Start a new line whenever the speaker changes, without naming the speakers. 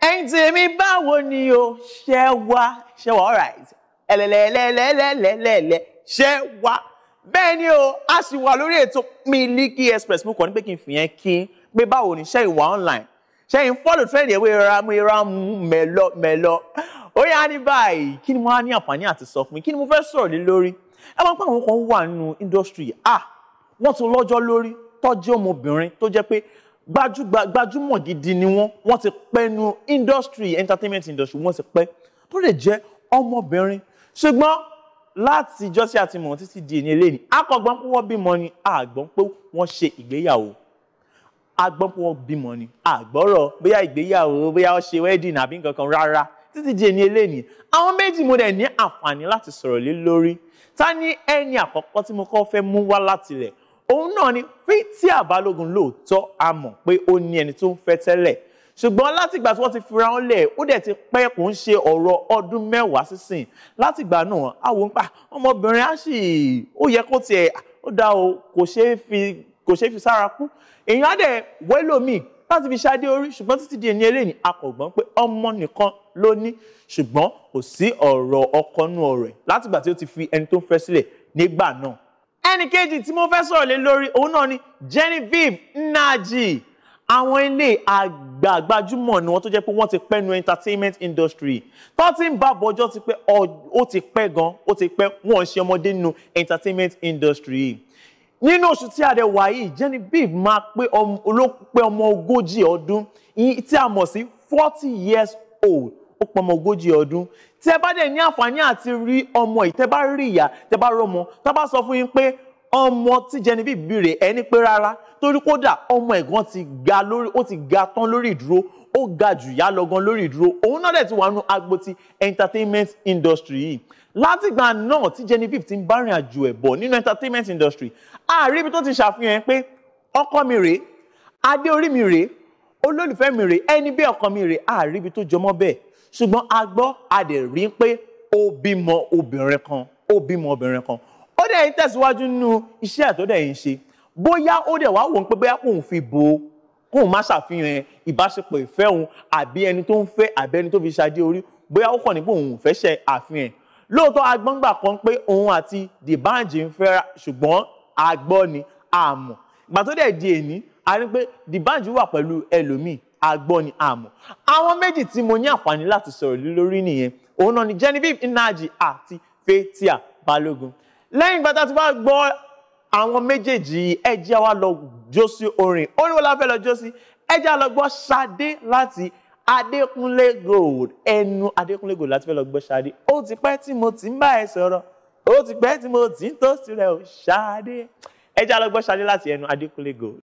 ẹ̀yin tèmi báwo ni o ṣe wá ṣe wá alright ẹlẹlẹlẹlẹlẹlẹ ṣe wá bẹ́ẹ̀ ni o a sì wà lórí ètò Miliki Express mo kàn ní pé kí n fìyẹn kí pé báwo ni ṣe ìwà online ṣe ń fọ́lù trend ẹ̀wé ramu ramu mẹ́lọ mẹ́lọ ó yá ní báyìí kí ni mo á ní àǹfààní àti sọ fún mi kí ni mo fẹ́ sọ̀rọ̀ lé lórí ẹ máa ń pàwọn kan wà nínú industry ah wọ́n ti lọ́jọ́ lórí tọ́jú ọmọbìnrin tó jẹ́ pé gbajúmọ̀ gidi ni wọ́n wọ́n ti pẹ́ nu industry entertainment industry wọ́n ti pẹ́ tó lè jẹ́ ọmọbìnrin ṣùgbọ́n láti jọ́sí àti mọ̀ títí di ní eléyìí akọ̀gbọ́n pé wọ́n bímọ ni àgbọ́n pé wọ́n ṣe ìgbéyàwó agbọ́n pé wọ́n bímọ ni àgbọ́rọ̀ bóyá ìgbéyàwó bóyá ó ṣe wedding àbí nǹkan kan rárá títí di ní eléyìí àwọn méjì mo dẹ̀ ní àǹfààní láti sọ̀rọ̀ lé lórí ta ni ẹni àkọ́kọ́ tí mo kọ́ fẹ́ mú wá látilẹ̀ náà ni Fathia Balógun lóòótọ́ a mọ̀ pé ó ní ẹni tó ń fẹ́ tẹ́lẹ̀ ṣùgbọ́n látìgbà tí wọ́n ti fira wọn lẹ̀ ó dẹ̀ ti pẹ́ kò ń ṣe ọ̀rọ̀ ọdún mẹ́wàá sísìn látìgbà náà àwọn ń pa ọmọbìnrin á sì ó yẹ kó tiẹ̀ ó dá o kò ṣeé fi kò ṣeé fi sára kú èèyàn á dẹ̀ wẹ́lòmíì láti fi ṣáde orí ṣùgbọ́n títí di ẹni eléyìí akọ̀gbọ́n pé ọmọ nìkan ló ní ṣùgbọ́n kò sí ọ̀rọ̀ ọkọ nú ọ̀rẹ́ látìgbà tí ó ti fi ẹni tó ń fẹ́ sílẹ̀ nígbà náà ẹnì kejì tí mo fẹ́ sọ̀rọ̀ lé lórí òun náà ni Genevieve Nnaji àwọn ilé àgbàgbajúmọ̀ ni wọ́n tó jẹ́ pé wọ́n ti pẹ́ nu entertainment industry tó ti ń bá bọ́jọ́ ti pẹ́ ó ti pẹ́ gan ó ti pẹ́ wọ́n ṣe ọmọdé nu entertainment industry nínú oṣù tí a dẹ̀ wà yìí Genevieve máa pé ọmọ ogójì ọdún tí a mọ̀ sí forty years old ó pọmọ ogójì ọdún tí ẹ bá dẹ̀ ní àǹfààní àti rí ọmọ yìí tẹ́ bá rí ìyá tẹ́ bá rọmọ tá bá sọ fún yín pé ọmọ tí Genevieve bí rèé ẹni pé rárá torí kódà ọmọ ẹ̀gbọ́n ti ga lórí ó ti ga tán lórí ìdúró ó ga jù yá lọ́gán lórí ìdúró òun náà dẹ̀ ti wà nù agbo ti entertainment industry yìí látìgbà náà tí Genevieve ti ń bá rìn àjò ẹ̀ bọ̀ nínú entertainment industry ààrí ibi tó ti ṣàfihàn pé ọkọ mi rèé adé orí mi rèé olólùfẹ́ mi rèé ẹni bí ọkọ mi rèé ààrí ibi tó jọmọ́ bẹ́ẹ̀ ṣùgbọ́n a gbọ́ a dẹ̀ rí pé ó bímọ obìnrin kan ó bímọ obìnrin kan ó dẹ̀ ń tẹ̀síwájú nínú iṣẹ́ tó dẹ̀ ń ṣe bóyá ó dẹ̀ wá wò ó pé bóyá kò ń fi bo kóun má ṣàfihàn ìbáṣepọ̀ ìfẹ́ òun àbí ẹni tó ń fẹ́ àbí ẹni tó fi ṣadé orí bóyá ó kàn ní pé òun ò fẹ́ ṣe àfihàn lóòótọ́ agbọ́ngbà kan pé òun àti D'banj ń fẹ́ra ṣùgbọ́n agbọ́ ni àmọ́ ìgbà tó dẹ̀ di èní a ní pé D'banj wà pẹ̀lú ẹlòmíì agbọ́ ni àmọ́ àwọn méjì tí mo ní àǹfààní láti sọ̀rọ̀ lórí nìyẹn òun náà ni Genevieve Nnaji àti Fathia Balogun lẹ́yìn ìgbà tá a ti wá gbọ́ àwọn méjèèjì ẹ jẹ́ wá lọ jó sí orin orin wo la fẹ́ lọ jó sí ẹ jẹ́ lọ gbọ́ Ṣadé láti Adékúnlé Gold ẹnu Adékúnlé Gold láti fẹ́ lọ gbọ́ Ṣadé ó ti pẹ́ tí mo ti ń bá ẹ sọ̀rọ̀ ó ti pẹ́ tí mo ti ń tó sílẹ̀ o Ṣadé ẹ jẹ́ lọ gbọ́ Ṣadé láti ẹnu Adékúnlé Gold.